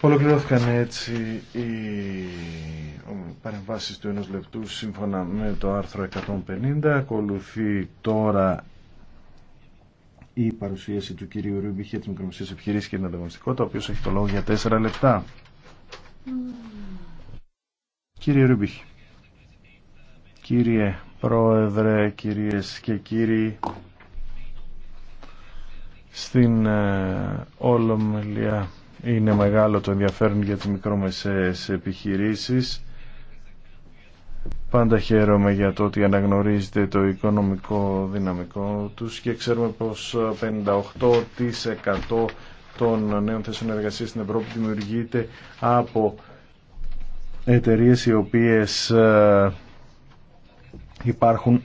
Ολοκληρώθηκαν έτσι οι παρεμβάσεις του ενός λεπτού σύμφωνα με το άρθρο 150. Ακολουθεί τώρα η παρουσίαση του κυρίου Ρούμπιχ για τις μικρομεσαίε επιχειρήσεις και την ανταγωνιστικότητα, ο οποίος έχει το λόγο για 4 λεπτά. Mm. Κύριε Ρούμπιχ, κύριε Πρόεδρε, κυρίες και κύριοι, στην ε, Ολομελία είναι μεγάλο το ενδιαφέρον για τις μικρομεσαίες επιχειρήσεις. Πάντα χαίρομαι για το ότι αναγνωρίζετε το οικονομικό δυναμικό τους και ξέρουμε πως 58% των νέων θέσεων εργασίας στην Ευρώπη δημιουργείται από εταιρείες οι οποίες ε, υπάρχουν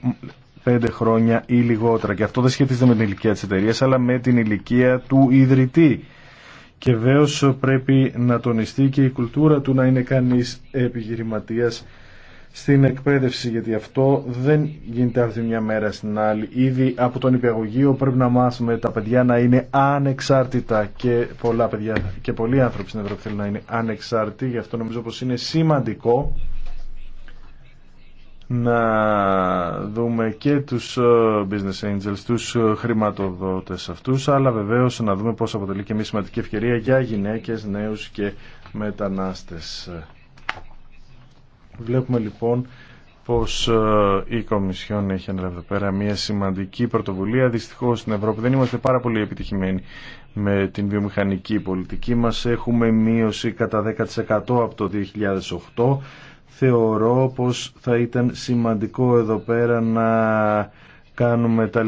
πέντε χρόνια ή λιγότερα. Και αυτό δεν σχετίζεται με την ηλικία της εταιρείας αλλά με την ηλικία του ιδρυτή. Και βεβαίω πρέπει να τονιστεί και η κουλτούρα του να είναι κανείς επιχειρηματίας στην εκπαίδευση, γιατί αυτό δεν γίνεται από τη μια μέρα στην άλλη. Ήδη από τον υπηαγωγείο πρέπει να μάθουμε τα παιδιά να είναι ανεξάρτητα και πολλά παιδιά και πολλοί άνθρωποι στην Ευρώπη θέλουν να είναι ανεξάρτητοι, γι' αυτό νομίζω πως είναι σημαντικό να δούμε και τους ε, business angels, τους ε, χρηματοδότες αυτούς, αλλά βεβαίως να δούμε πώς αποτελεί και μια σημαντική ευκαιρία για γυναίκες, νέους και μετανάστες. Βλέπουμε λοιπόν πως ε, η Κομισιόν έχει ανέλαβει εδώ πέρα μια σημαντική πρωτοβουλία. Δυστυχώς στην Ευρώπη δεν είμαστε πάρα πολύ επιτυχημένοι με την βιομηχανική πολιτική μας. Έχουμε μείωση κατά 10% από το 2008 θεωρώ πως θα ήταν σημαντικό εδώ πέρα να κάνουμε τα,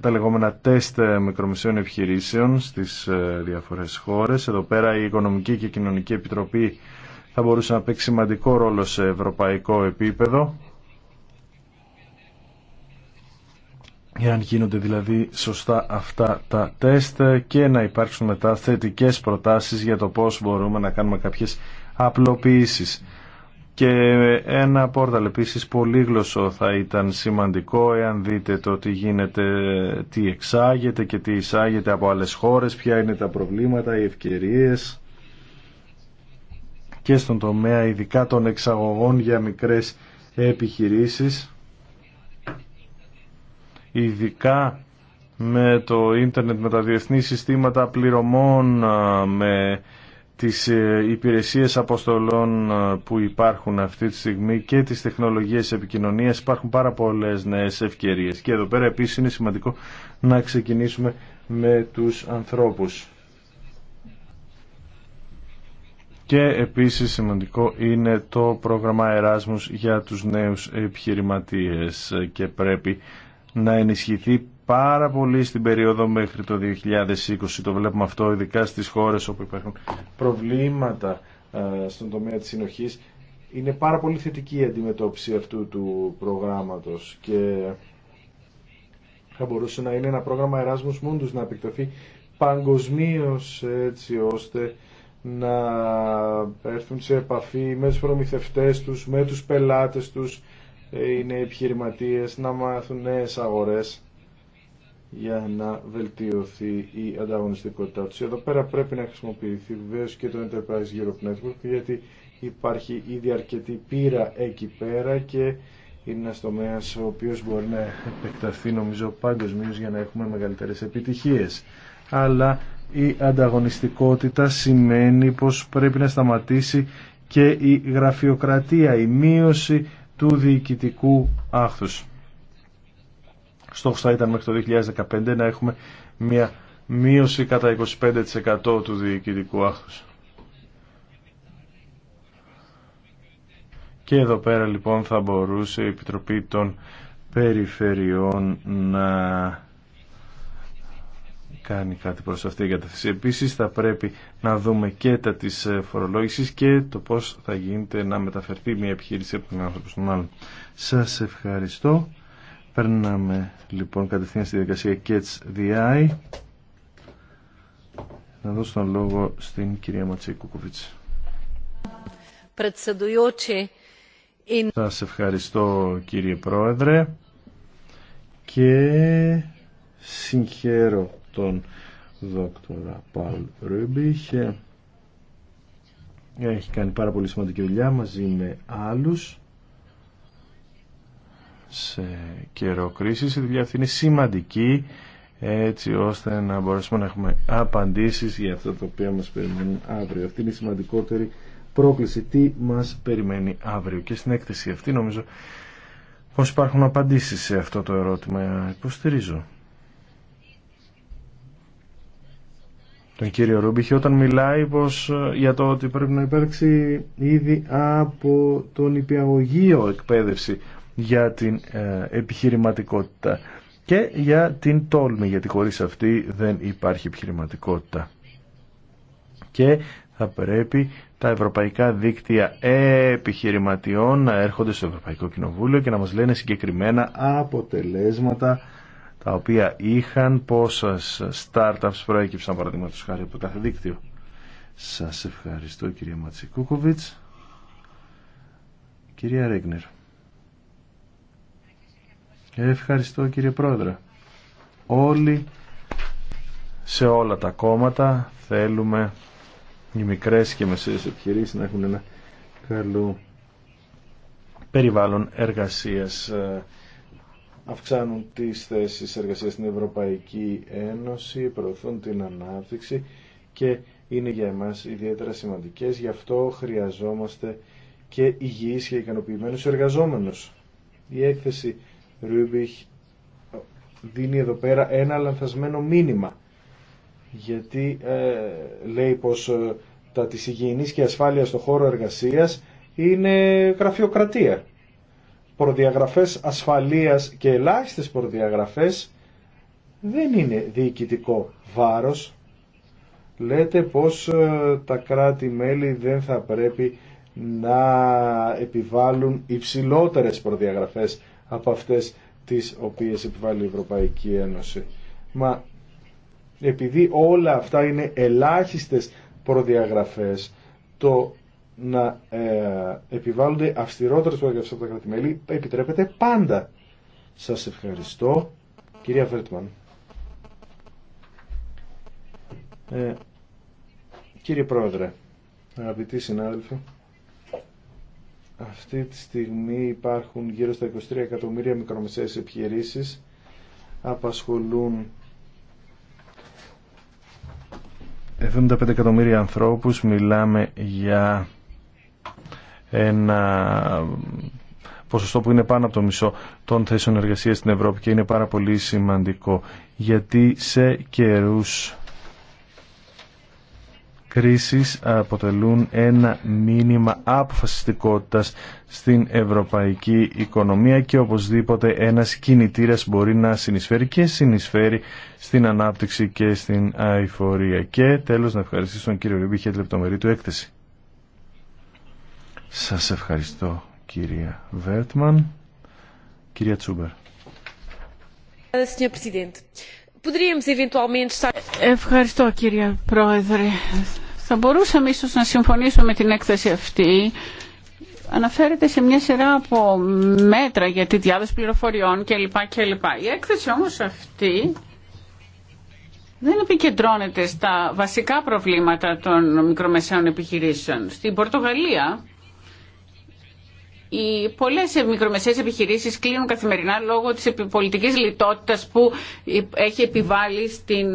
τα λεγόμενα τεστ μικρομεσαίων επιχειρήσεων στις ε, διάφορες χώρες. Εδώ πέρα η Οικονομική και Κοινωνική Επιτροπή θα μπορούσε να παίξει σημαντικό ρόλο σε ευρωπαϊκό επίπεδο. Εάν γίνονται δηλαδή σωστά αυτά τα τεστ και να υπάρξουν μετά θετικές προτάσεις για το πώς μπορούμε να κάνουμε κάποιες απλοποιήσεις. Και ένα πόρταλ επίσης πολύγλωσσο θα ήταν σημαντικό εάν δείτε το τι γίνεται, τι εξάγεται και τι εισάγεται από άλλες χώρες, ποια είναι τα προβλήματα, οι ευκαιρίες και στον τομέα ειδικά των εξαγωγών για μικρές επιχειρήσεις ειδικά με το ίντερνετ, με τα διεθνή συστήματα πληρωμών, με τις ε, υπηρεσίες αποστολών ε, που υπάρχουν αυτή τη στιγμή και τις τεχνολογίες επικοινωνίας υπάρχουν πάρα πολλές νέες ευκαιρίες και εδώ πέρα επίσης είναι σημαντικό να ξεκινήσουμε με τους ανθρώπους και επίσης σημαντικό είναι το πρόγραμμα Εράσμους για τους νέους επιχειρηματίες και πρέπει να ενισχυθεί πάρα πολύ στην περίοδο μέχρι το 2020. Το βλέπουμε αυτό ειδικά στις χώρες όπου υπάρχουν προβλήματα ε, στον τομέα της συνοχής. Είναι πάρα πολύ θετική η αντιμετώπιση αυτού του προγράμματος και θα μπορούσε να είναι ένα πρόγραμμα Erasmus Mundus να επεκταθεί παγκοσμίω έτσι ώστε να έρθουν σε επαφή με τους προμηθευτές τους, με τους πελάτες τους, ε, είναι επιχειρηματίες, να μάθουν νέες αγορές για να βελτιωθεί η ανταγωνιστικότητά του. Εδώ πέρα πρέπει να χρησιμοποιηθεί βεβαίω και το Enterprise Europe Network γιατί υπάρχει ήδη αρκετή πείρα εκεί πέρα και είναι ένα τομέα ο οποίο μπορεί να επεκταθεί νομίζω παγκοσμίω για να έχουμε μεγαλύτερες επιτυχίες. Αλλά η ανταγωνιστικότητα σημαίνει πως πρέπει να σταματήσει και η γραφειοκρατία, η μείωση του διοικητικού άχθους. Στόχος θα ήταν μέχρι το 2015 να έχουμε μια μείωση κατά 25% του διοικητικού άχθους. Και εδώ πέρα λοιπόν θα μπορούσε η Επιτροπή των Περιφερειών να κάνει κάτι προς αυτή η κατεύθυνση. Επίσης θα πρέπει να δούμε και τα της φορολόγησης και το πώς θα γίνεται να μεταφερθεί μια επιχείρηση από τον άνθρωπο στον άλλον. Σας ευχαριστώ. Παίρναμε, λοιπόν κατευθείαν στη διαδικασία Catch the Eye. Να δώσω τον λόγο στην κυρία Ματσέη Κουκουβίτση. Σας ευχαριστώ κύριε Πρόεδρε και συγχαίρω τον δόκτωρα Παλ Ρούμπιχ. Έχει κάνει πάρα πολύ σημαντική δουλειά μαζί με άλλους σε καιρό κρίσης. Η δουλειά αυτή είναι σημαντική έτσι ώστε να μπορέσουμε να έχουμε απαντήσεις για αυτό το οποίο μας περιμένουν αύριο. Αυτή είναι η σημαντικότερη πρόκληση. Τι μας περιμένει αύριο και στην έκθεση αυτή νομίζω πως υπάρχουν απαντήσεις σε αυτό το ερώτημα. Υποστηρίζω. Τον κύριο Ρούμπιχη όταν μιλάει πως ε, για το ότι πρέπει να υπάρξει ήδη από τον υπηαγωγείο εκπαίδευση για την ε, επιχειρηματικότητα και για την τόλμη, γιατί χωρίς αυτή δεν υπάρχει επιχειρηματικότητα. Και θα πρέπει τα ευρωπαϊκά δίκτυα επιχειρηματιών να έρχονται στο Ευρωπαϊκό Κοινοβούλιο και να μας λένε συγκεκριμένα αποτελέσματα τα οποία είχαν, πόσες startups προέκυψαν παραδείγματο χάρη από κάθε δίκτυο. Σας ευχαριστώ κυρία Ματσικούκοβιτς. Κυρία Ρέγνερ. Ευχαριστώ κύριε Πρόεδρε. Όλοι σε όλα τα κόμματα θέλουμε οι μικρές και μεσαίες επιχειρήσεις να έχουν ένα καλό περιβάλλον εργασίας. Αυξάνουν τις θέσεις εργασίας στην Ευρωπαϊκή Ένωση, προωθούν την ανάπτυξη και είναι για εμάς ιδιαίτερα σημαντικές. Γι' αυτό χρειαζόμαστε και υγιείς και ικανοποιημένους εργαζόμενους. Η έκθεση Ρούμπιχ δίνει εδώ πέρα ένα λανθασμένο μήνυμα. Γιατί ε, λέει πως ε, τα της υγιεινής και ασφάλειας στον χώρο εργασίας είναι γραφειοκρατία. Προδιαγραφές ασφαλείας και ελάχιστες προδιαγραφές δεν είναι διοικητικό βάρος. Λέτε πως ε, τα κράτη-μέλη δεν θα πρέπει να επιβάλλουν υψηλότερες προδιαγραφές από αυτές τις οποίες επιβάλλει η Ευρωπαϊκή Ένωση. Μα επειδή όλα αυτά είναι ελάχιστες προδιαγραφές, το να ε, επιβάλλονται αυστηρότερες προδιαγραφές από τα κράτη-μέλη επιτρέπεται πάντα. Σας ευχαριστώ. Κυρία Βέρτμαν. Ε, κύριε Πρόεδρε, αγαπητοί συνάδελφοι, αυτή τη στιγμή υπάρχουν γύρω στα 23 εκατομμύρια μικρομεσαίες επιχειρήσεις, απασχολούν 75 εκατομμύρια ανθρώπους, μιλάμε για ένα ποσοστό που είναι πάνω από το μισό των θέσεων εργασίας στην Ευρώπη και είναι πάρα πολύ σημαντικό γιατί σε καιρούς κρίσεις αποτελούν ένα μήνυμα αποφασιστικότητας στην ευρωπαϊκή οικονομία και οπωσδήποτε ένας κινητήρας μπορεί να συνεισφέρει και συνεισφέρει στην ανάπτυξη και στην αηφορία. Και τέλος να ευχαριστήσω τον κύριο Ρίμπη για τη λεπτομερή του έκθεση. Σας ευχαριστώ κυρία Βέρτμαν. Κυρία Τσούμπερ. Ευχαριστώ κύριε Πρόεδρε. Θα μπορούσαμε ίσως να συμφωνήσουμε με την έκθεση αυτή. Αναφέρεται σε μια σειρά από μέτρα για τη διάδοση πληροφοριών κλπ. Η έκθεση όμως αυτή δεν επικεντρώνεται στα βασικά προβλήματα των μικρομεσαίων επιχειρήσεων. Στην Πορτογαλία οι πολλές μικρομεσαίες επιχειρήσεις κλείνουν καθημερινά λόγω της πολιτικής λιτότητας που έχει επιβάλει στην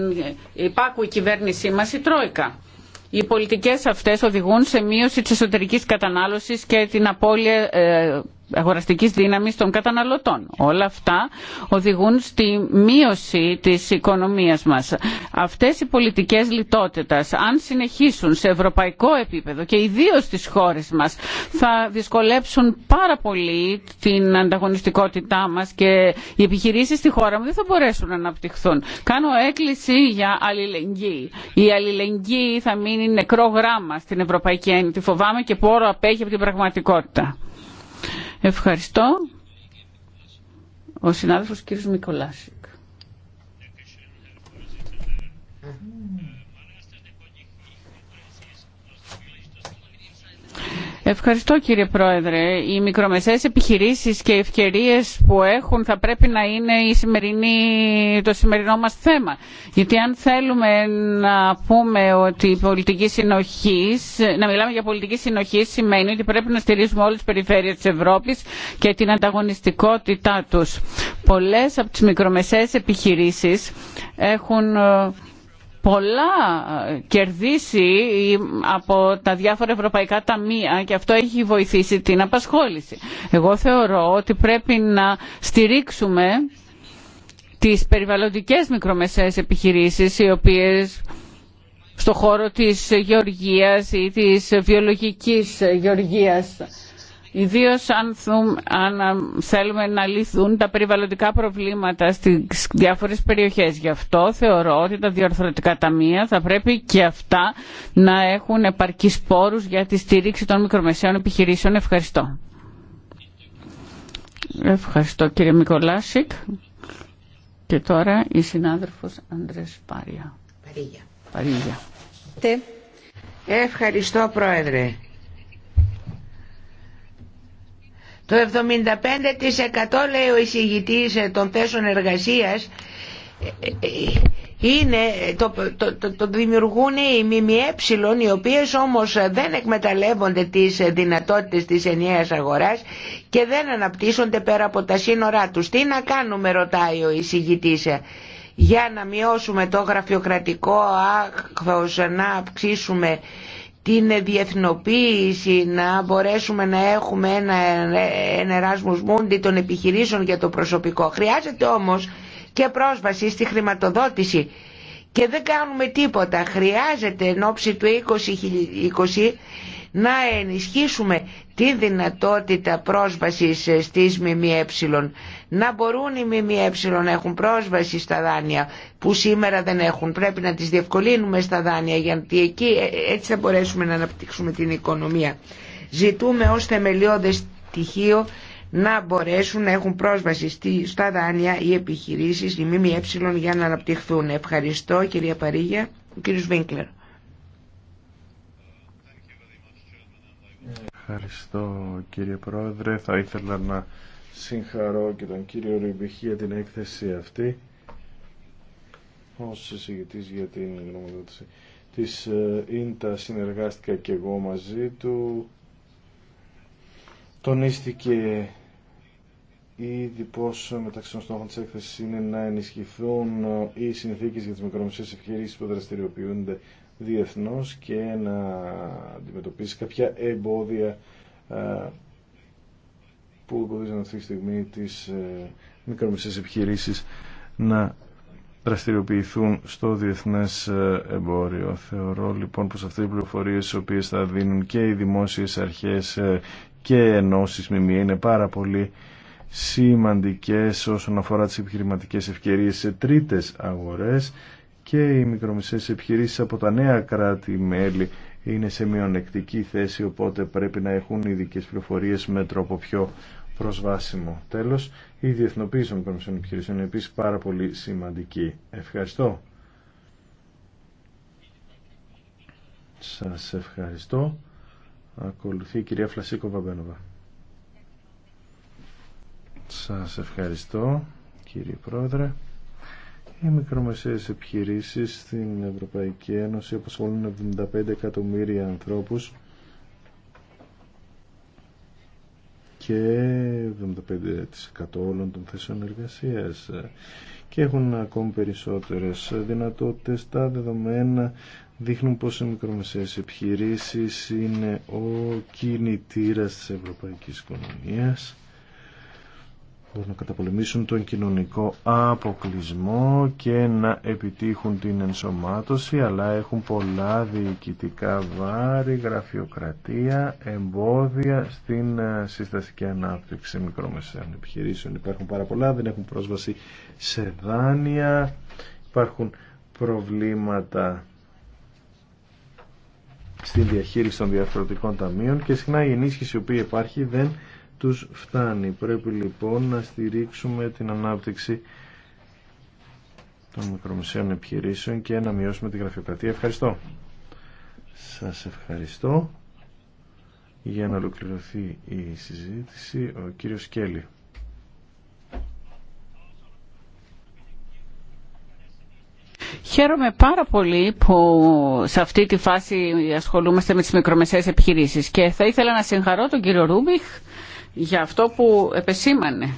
υπάκουη κυβέρνησή μας η Τρόικα. Οι πολιτικές αυτές οδηγούν σε μείωση της εσωτερικής κατανάλωσης και την απώλεια ε, αγοραστικής δύναμης των καταναλωτών. Όλα αυτά οδηγούν στη μείωση της οικονομίας μας. Αυτές οι πολιτικές λιτότητας, αν συνεχίσουν σε ευρωπαϊκό επίπεδο και ιδίως στις χώρες μας, θα δυσκολέψουν πάρα πολύ την ανταγωνιστικότητά μας και οι επιχειρήσεις στη χώρα μου δεν θα μπορέσουν να αναπτυχθούν. Κάνω έκκληση για αλληλεγγύη. Η αλληλεγγύη θα μείνει νεκρό γράμμα στην Ευρωπαϊκή Ένωση. Φοβάμαι και πόρο απέχει από την πραγματικότητα. Ευχαριστώ. Ο συνάδελφος κύριος Μικολάση. Ευχαριστώ κύριε Πρόεδρε. Οι μικρομεσαίες επιχειρήσεις και οι ευκαιρίες που έχουν θα πρέπει να είναι η σημερινή, το σημερινό μας θέμα. Γιατί αν θέλουμε να πούμε ότι η πολιτική συνοχής, να μιλάμε για πολιτική συνοχή σημαίνει ότι πρέπει να στηρίζουμε όλες τις περιφέρειες της Ευρώπης και την ανταγωνιστικότητά τους. Πολλές από τις μικρομεσαίες επιχειρήσεις έχουν ε, πολλά κερδίσει από τα διάφορα ευρωπαϊκά ταμεία και αυτό έχει βοηθήσει την απασχόληση. Εγώ θεωρώ ότι πρέπει να στηρίξουμε τις περιβαλλοντικές μικρομεσαίες επιχειρήσεις οι οποίες στο χώρο της γεωργίας ή της βιολογικής γεωργίας Ιδίως αν, θέλουμε να λυθούν τα περιβαλλοντικά προβλήματα στις διάφορες περιοχές. Γι' αυτό θεωρώ ότι τα διορθωτικά ταμεία θα πρέπει και αυτά να έχουν επαρκείς πόρους για τη στήριξη των μικρομεσαίων επιχειρήσεων. Ευχαριστώ. Ευχαριστώ κύριε Μικολάσικ. Και τώρα η συνάδελφος Ανδρές Πάρια. Παρίγια. Παρίγια. Ευχαριστώ πρόεδρε. Το 75% λέει ο εισηγητής ε, των θέσεων εργασίας ε, ε, είναι, το, το, το, το δημιουργούν οι ΜΜΕ οι οποίες όμως δεν εκμεταλλεύονται τις δυνατότητες της ενιαίας αγοράς και δεν αναπτύσσονται πέρα από τα σύνορά τους. Τι να κάνουμε ρωτάει ο εισηγητής για να μειώσουμε το γραφειοκρατικό άγχος να αυξήσουμε την διεθνοποίηση, να μπορέσουμε να έχουμε ένα, ένα Erasmus των επιχειρήσεων για το προσωπικό. Χρειάζεται όμως και πρόσβαση στη χρηματοδότηση και δεν κάνουμε τίποτα. Χρειάζεται εν ώψη του 2020 να ενισχύσουμε τη δυνατότητα πρόσβασης στις ΜΜΕ, να μπορούν οι ΜΜΕ να έχουν πρόσβαση στα δάνεια που σήμερα δεν έχουν. Πρέπει να τις διευκολύνουμε στα δάνεια γιατί εκεί ε, ε, έτσι θα μπορέσουμε να αναπτύξουμε την οικονομία. Ζητούμε ως θεμελιώδες στοιχείο να μπορέσουν να έχουν πρόσβαση στα δάνεια οι επιχειρήσεις, οι ΜΜΕ για να αναπτυχθούν. Ευχαριστώ κυρία Παρίγια, ο κύριος Βίνκλερ. Ευχαριστώ κύριε Πρόεδρε. Θα ήθελα να συγχαρώ και τον κύριο Ριμπιχή για την έκθεση αυτή ως συζητητής για την γνωμοδότηση της ΙΝΤΑ ε, συνεργάστηκα και εγώ μαζί του τονίστηκε ήδη πώ μεταξύ των στόχων της έκθεσης είναι να ενισχυθούν οι συνθήκες για τις μικρομεσαίες επιχειρήσεις που δραστηριοποιούνται διεθνώς και να αντιμετωπίσει κάποια εμπόδια ε, που εμποδίζουν αυτή τη στιγμή τις ε, μικρομεσαίες επιχειρήσεις να δραστηριοποιηθούν στο διεθνές ε, εμπόριο. Θεωρώ λοιπόν πως αυτές οι πληροφορίες οι οποίες θα δίνουν και οι δημόσιες αρχές και ενώσεις μία είναι πάρα πολύ σημαντικές όσον αφορά τις επιχειρηματικές ευκαιρίες σε τρίτες αγορές και οι μικρομεσαίες επιχειρήσεις από τα νέα κράτη-μέλη είναι σε μειονεκτική θέση οπότε πρέπει να έχουν ειδικέ πληροφορίες με τρόπο πιο προσβάσιμο. Τέλος, η διεθνοποίηση των μικρομεσαίων επιχειρήσεων είναι επίσης πάρα πολύ σημαντική. Ευχαριστώ. Σας ευχαριστώ. Ακολουθεί η κυρία Φλασίκο Βαμπένοβα. Σας ευχαριστώ κύριε Πρόεδρε. Οι μικρομεσαίες επιχειρήσεις στην Ευρωπαϊκή Ένωση απασχολούν 75 εκατομμύρια ανθρώπους και 75% όλων των θέσεων εργασίας και έχουν ακόμη περισσότερες δυνατότητες. Τα δεδομένα δείχνουν πως οι μικρομεσαίες επιχειρήσεις είναι ο κινητήρας της ευρωπαϊκής οικονομίας να καταπολεμήσουν τον κοινωνικό αποκλεισμό και να επιτύχουν την ενσωμάτωση, αλλά έχουν πολλά διοικητικά βάρη, γραφειοκρατία, εμπόδια στην ε, συστασική ανάπτυξη μικρομεσαίων επιχειρήσεων. Υπάρχουν πάρα πολλά, δεν έχουν πρόσβαση σε δάνεια, υπάρχουν προβλήματα στην διαχείριση των διαφορετικών ταμείων και συχνά η ενίσχυση η οποία υπάρχει δεν τους φτάνει. Πρέπει λοιπόν να στηρίξουμε την ανάπτυξη των μικρομεσαίων επιχειρήσεων και να μειώσουμε τη γραφειοκρατία. Ευχαριστώ. Σας ευχαριστώ. Για να ολοκληρωθεί η συζήτηση, ο κύριος Κέλλη. Χαίρομαι πάρα πολύ που σε αυτή τη φάση ασχολούμαστε με τις μικρομεσαίες επιχειρήσεις και θα ήθελα να συγχαρώ τον κύριο Ρούμπιχ για αυτό που επεσήμανε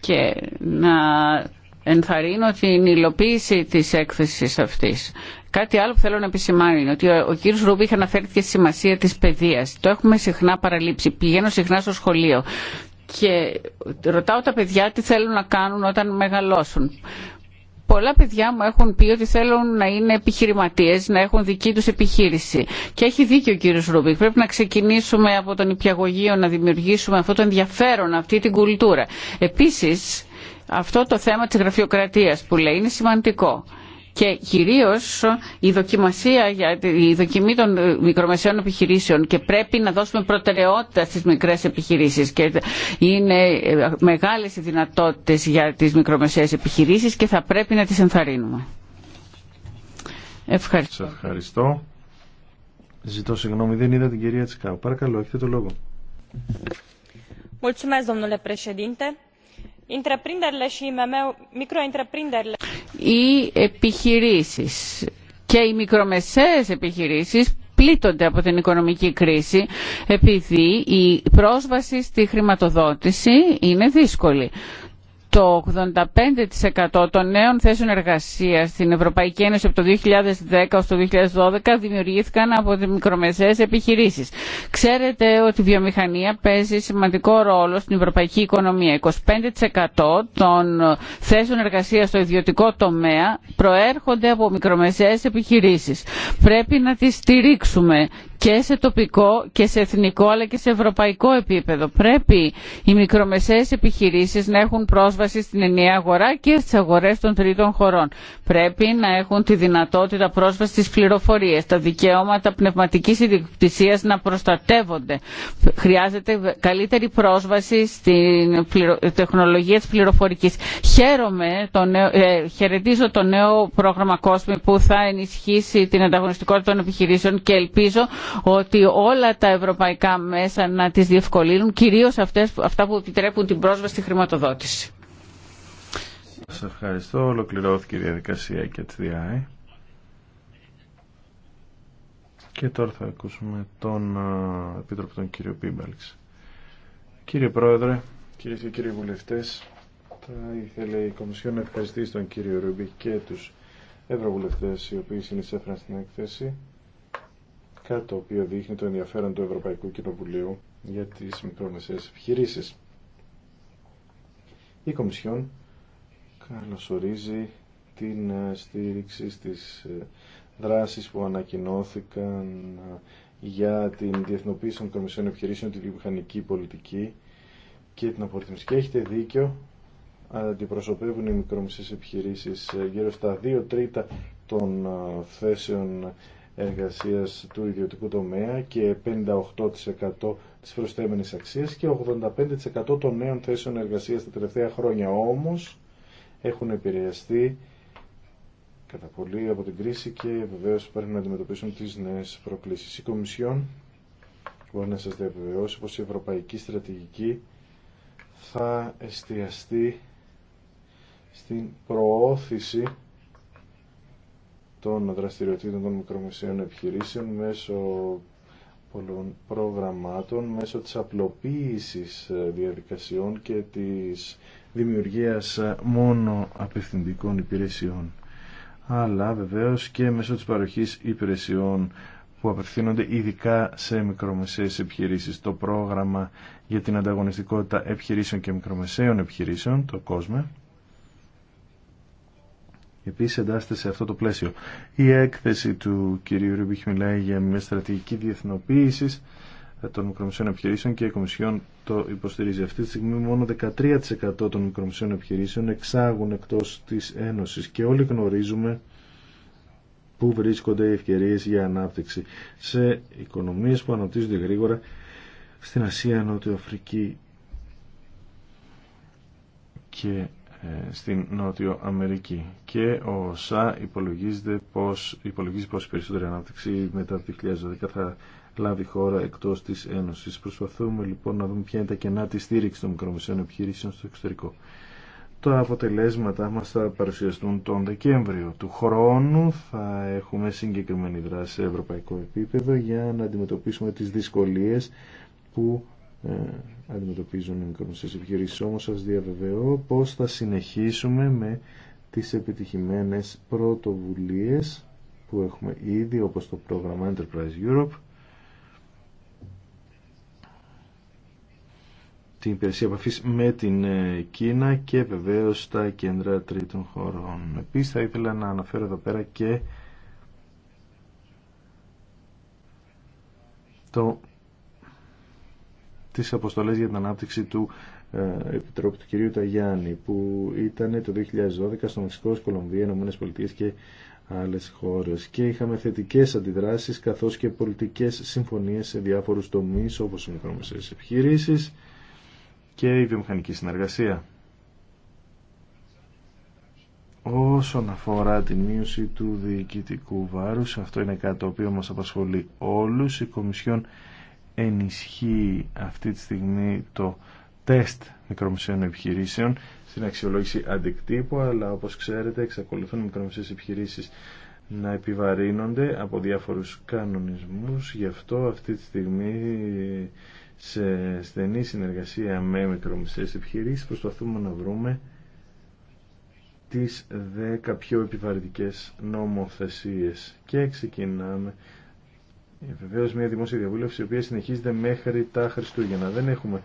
και να ενθαρρύνω την υλοποίηση της έκθεσης αυτής. Κάτι άλλο που θέλω να επισημάνω είναι ότι ο κύριος Ρούμπι είχε αναφέρει και σημασία της παιδείας. Το έχουμε συχνά παραλείψει. Πηγαίνω συχνά στο σχολείο και ρωτάω τα παιδιά τι θέλουν να κάνουν όταν μεγαλώσουν. Πολλά παιδιά μου έχουν πει ότι θέλουν να είναι επιχειρηματίε, να έχουν δική του επιχείρηση. Και έχει δίκιο ο κύριο Ρούμπικ. Πρέπει να ξεκινήσουμε από τον υπηαγωγείο να δημιουργήσουμε αυτό το ενδιαφέρον, αυτή την κουλτούρα. Επίση, αυτό το θέμα της γραφειοκρατίας που λέει είναι σημαντικό και κυρίως η δοκιμασία για η δοκιμή των ε, μικρομεσαίων επιχειρήσεων και πρέπει να δώσουμε προτεραιότητα στις μικρές επιχειρήσεις και είναι ε, μεγάλες οι δυνατότητες για τις μικρομεσαίες επιχειρήσεις και θα πρέπει να τις ενθαρρύνουμε. Ευχαριστώ. Σας ευχαριστώ. Ζητώ συγγνώμη, δεν είδα την κυρία Τσικάου. Παρακαλώ, έχετε το λόγο. Mulțumesc, domnule președinte. Οι επιχειρήσεις και οι μικρομεσαίες επιχειρήσεις πλήττονται από την οικονομική κρίση επειδή η πρόσβαση στη χρηματοδότηση είναι δύσκολη το 85% των νέων θέσεων εργασίας στην Ευρωπαϊκή Ένωση από το 2010 ως το 2012 δημιουργήθηκαν από τις μικρομεσαίες επιχειρήσεις. Ξέρετε ότι η βιομηχανία παίζει σημαντικό ρόλο στην ευρωπαϊκή οικονομία. 25% των θέσεων εργασίας στο ιδιωτικό τομέα προέρχονται από μικρομεσαίες επιχειρήσεις. Πρέπει να τις στηρίξουμε και σε τοπικό και σε εθνικό αλλά και σε ευρωπαϊκό επίπεδο. Πρέπει οι μικρομεσαίες επιχειρήσεις να έχουν πρόσβαση στην ενιαία αγορά και στις αγορές των τρίτων χωρών. Πρέπει να έχουν τη δυνατότητα πρόσβαση στις πληροφορίες, τα δικαιώματα πνευματικής ιδιοκτησίας να προστατεύονται. Χρειάζεται καλύτερη πρόσβαση στην τεχνολογία της πληροφορικής. Χαίρομαι, το ε, χαιρετίζω το νέο πρόγραμμα COSME που θα ενισχύσει την ανταγωνιστικότητα των επιχειρήσεων και ελπίζω ότι όλα τα ευρωπαϊκά μέσα να τις διευκολύνουν, κυρίως αυτές, αυτά που επιτρέπουν την πρόσβαση στη χρηματοδότηση. Σας ευχαριστώ. Ολοκληρώθηκε η διαδικασία και τη ΔΙΑΕ. Και τώρα θα ακούσουμε τον Επίτροπο τον κύριο Πίμπαλξ. Κύριε Πρόεδρε, κύριε και κύριοι βουλευτές, θα ήθελε η Κομισιόν να ευχαριστήσει τον κύριο Ρουμπί και τους ευρωβουλευτές οι οποίοι συνεισέφεραν στην έκθεση το οποίο δείχνει το ενδιαφέρον του Ευρωπαϊκού Κοινοβουλίου για τις μικρομεσαίες επιχειρήσεις. Η Κομισιόν καλωσορίζει την ε, στήριξη στις ε, δράσεις που ανακοινώθηκαν ε, για την διεθνοποίηση των μικρομεσαίων επιχειρήσεων, τη βιομηχανική πολιτική και την απορρίθμιση. έχετε δίκιο, αντιπροσωπεύουν οι μικρομεσαίες επιχειρήσεις γύρω στα 2 τρίτα των θέσεων εργασίας του ιδιωτικού τομέα και 58% της προσθέμενης αξίας και 85% των νέων θέσεων εργασίας τα τελευταία χρόνια. Όμως έχουν επηρεαστεί κατά πολύ από την κρίση και βεβαίως πρέπει να αντιμετωπίσουν τις νέες προκλήσεις. Η Κομισιόν μπορεί να σας διαβεβαιώσει πως η Ευρωπαϊκή Στρατηγική θα εστιαστεί στην προώθηση των δραστηριοτήτων των μικρομεσαίων επιχειρήσεων μέσω πολλών προγραμμάτων, μέσω της απλοποίησης ε, διαδικασιών και της δημιουργίας μόνο απευθυντικών υπηρεσιών. Αλλά βεβαίως και μέσω της παροχής υπηρεσιών που απευθύνονται ειδικά σε μικρομεσαίες επιχειρήσεις. Το πρόγραμμα για την ανταγωνιστικότητα επιχειρήσεων και μικρομεσαίων επιχειρήσεων, το COSME, Επίση εντάσσεται σε αυτό το πλαίσιο. Η έκθεση του κυρίου Ρουμπίχ μιλάει για μια στρατηγική διεθνοποίηση των μικρομεσαίων επιχειρήσεων και η Κομισιόν το υποστηρίζει. Αυτή τη στιγμή μόνο 13% των μικρομεσαίων επιχειρήσεων εξάγουν εκτός της Ένωσης και όλοι γνωρίζουμε πού βρίσκονται οι ευκαιρίες για ανάπτυξη σε οικονομίες που βρισκονται οι ευκαιρίε για αναπτυξη σε οικονομίε που αναπτυσσονται γρηγορα στην Ασία, Νότιο Αφρική και ε, στην Νότιο Αμερική και ο ΣΑ υπολογίζεται πως, υπολογίζει πως η περισσότερη ανάπτυξη μετά το 2012 θα λάβει χώρα εκτός της Ένωσης. Προσπαθούμε λοιπόν να δούμε ποια είναι τα κενά της στήριξης των μικρομεσαίων επιχειρήσεων στο εξωτερικό. Τα αποτελέσματά μας θα παρουσιαστούν τον Δεκέμβριο του χρόνου. Θα έχουμε συγκεκριμένη δράση σε ευρωπαϊκό επίπεδο για να αντιμετωπίσουμε τις δυσκολίες που ε, αντιμετωπίζουν οι μικρομεσαίες επιχειρήσεις. Όμως σας διαβεβαιώ πώς θα συνεχίσουμε με τις επιτυχημένες πρωτοβουλίες που έχουμε ήδη όπως το πρόγραμμα Enterprise Europe την υπηρεσία επαφή με την ε, Κίνα και βεβαίως τα κέντρα τρίτων χωρών. Επίσης θα ήθελα να αναφέρω εδώ πέρα και το τις αποστολές για την ανάπτυξη του ε, Επιτρόπου του κ. Ταγιάννη που ήταν το 2012 στο Μεξικό, Κολομβία, Ηνωμένες Πολιτείες και άλλες χώρες και είχαμε θετικές αντιδράσεις καθώς και πολιτικές συμφωνίες σε διάφορους τομείς όπως οι μικρομεσαίες επιχειρήσεις και η βιομηχανική συνεργασία. Όσον αφορά την μείωση του διοικητικού βάρους, αυτό είναι κάτι το οποίο μας απασχολεί όλους, η Κομισιόν ενισχύει αυτή τη στιγμή το τεστ μικρομεσαίων επιχειρήσεων στην αξιολόγηση αντικτύπου, αλλά όπως ξέρετε εξακολουθούν οι μικρομεσαίες επιχειρήσεις να επιβαρύνονται από διάφορους κανονισμούς. Γι' αυτό αυτή τη στιγμή σε στενή συνεργασία με μικρομεσαίες επιχειρήσεις προσπαθούμε να βρούμε τις 10 πιο επιβαρυντικές νομοθεσίες και ξεκινάμε ε, Βεβαίω μια δημόσια διαβούλευση η οποία συνεχίζεται μέχρι τα Χριστούγεννα. Δεν έχουμε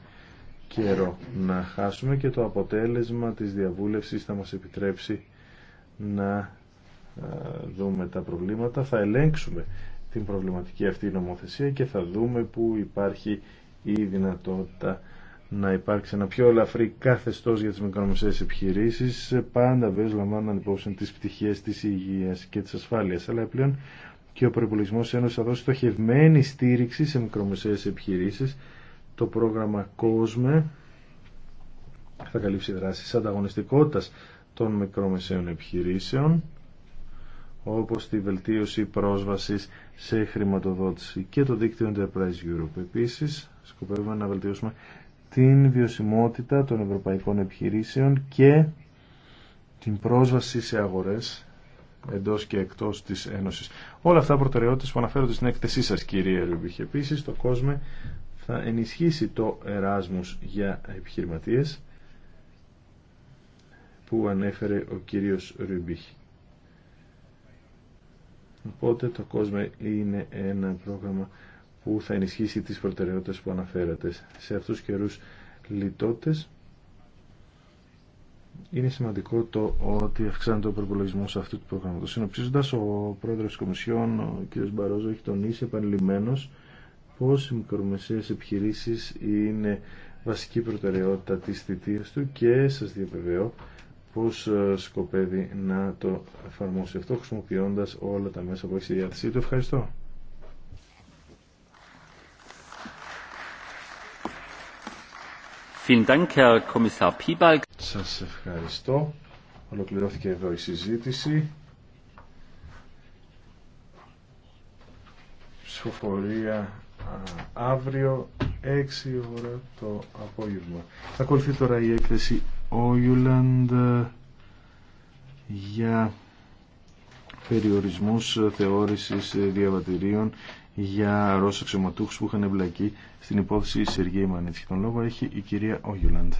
καιρό να χάσουμε και το αποτέλεσμα της διαβούλευσης θα μας επιτρέψει να δούμε τα προβλήματα. Θα ελέγξουμε την προβληματική αυτή νομοθεσία και θα δούμε που υπάρχει η δυνατότητα να υπάρξει ένα πιο ελαφρύ καθεστώς για τις μικρομεσαίες επιχειρήσεις πάντα βέβαια λαμβάνουν υπόψη τις πτυχέ της υγείας και της ασφάλειας αλλά πλέον και ο προπολογισμό Ένωση θα δώσει στοχευμένη στήριξη σε μικρομεσαίες επιχειρήσεις. Το πρόγραμμα COSME θα καλύψει δράσεις ανταγωνιστικότητας των μικρομεσαίων επιχειρήσεων όπως τη βελτίωση πρόσβασης σε χρηματοδότηση και το δίκτυο Enterprise Europe. Επίσης, σκοπεύουμε να βελτιώσουμε την βιωσιμότητα των ευρωπαϊκών επιχειρήσεων και την πρόσβαση σε αγορές εντός και εκτός της Ένωσης. Όλα αυτά προτεραιότητες που αναφέρονται στην έκθεσή σας κύριε Ρουμπίχ. Επίσης το κόσμο θα ενισχύσει το Εράσμους για επιχειρηματίες που ανέφερε ο κύριος Ρουμπίχ. Οπότε το κόσμο είναι ένα πρόγραμμα που θα ενισχύσει τις προτεραιότητες που αναφέρατε. Σε αυτούς τους καιρούς λιτότητες είναι σημαντικό το ότι αυξάνεται ο προπολογισμό αυτού του προγράμματο. Συνοψίζοντα, ο πρόεδρο τη Κομισιόν, ο κ. Μπαρόζο, έχει τονίσει επανειλημμένω πω οι μικρομεσαίε επιχειρήσει είναι βασική προτεραιότητα τη θητεία του και σα διαβεβαιώ πω ε, σκοπεύει να το εφαρμόσει αυτό χρησιμοποιώντα όλα τα μέσα που έχει στη διάθεσή του. Ευχαριστώ. Σας ευχαριστώ. Ολοκληρώθηκε εδώ η συζήτηση. Ψηφοφορία αύριο 6 ώρα το απόγευμα. Θα ακολουθεί τώρα η έκθεση Oyuland ε, για περιορισμούς θεώρησης ε, διαβατηρίων για Ρώσους αξιωματούχους που είχαν εμπλακεί στην υπόθεση Σεργέη Μανίτσι. Τον λόγο έχει η κυρία Όγιουλαντ.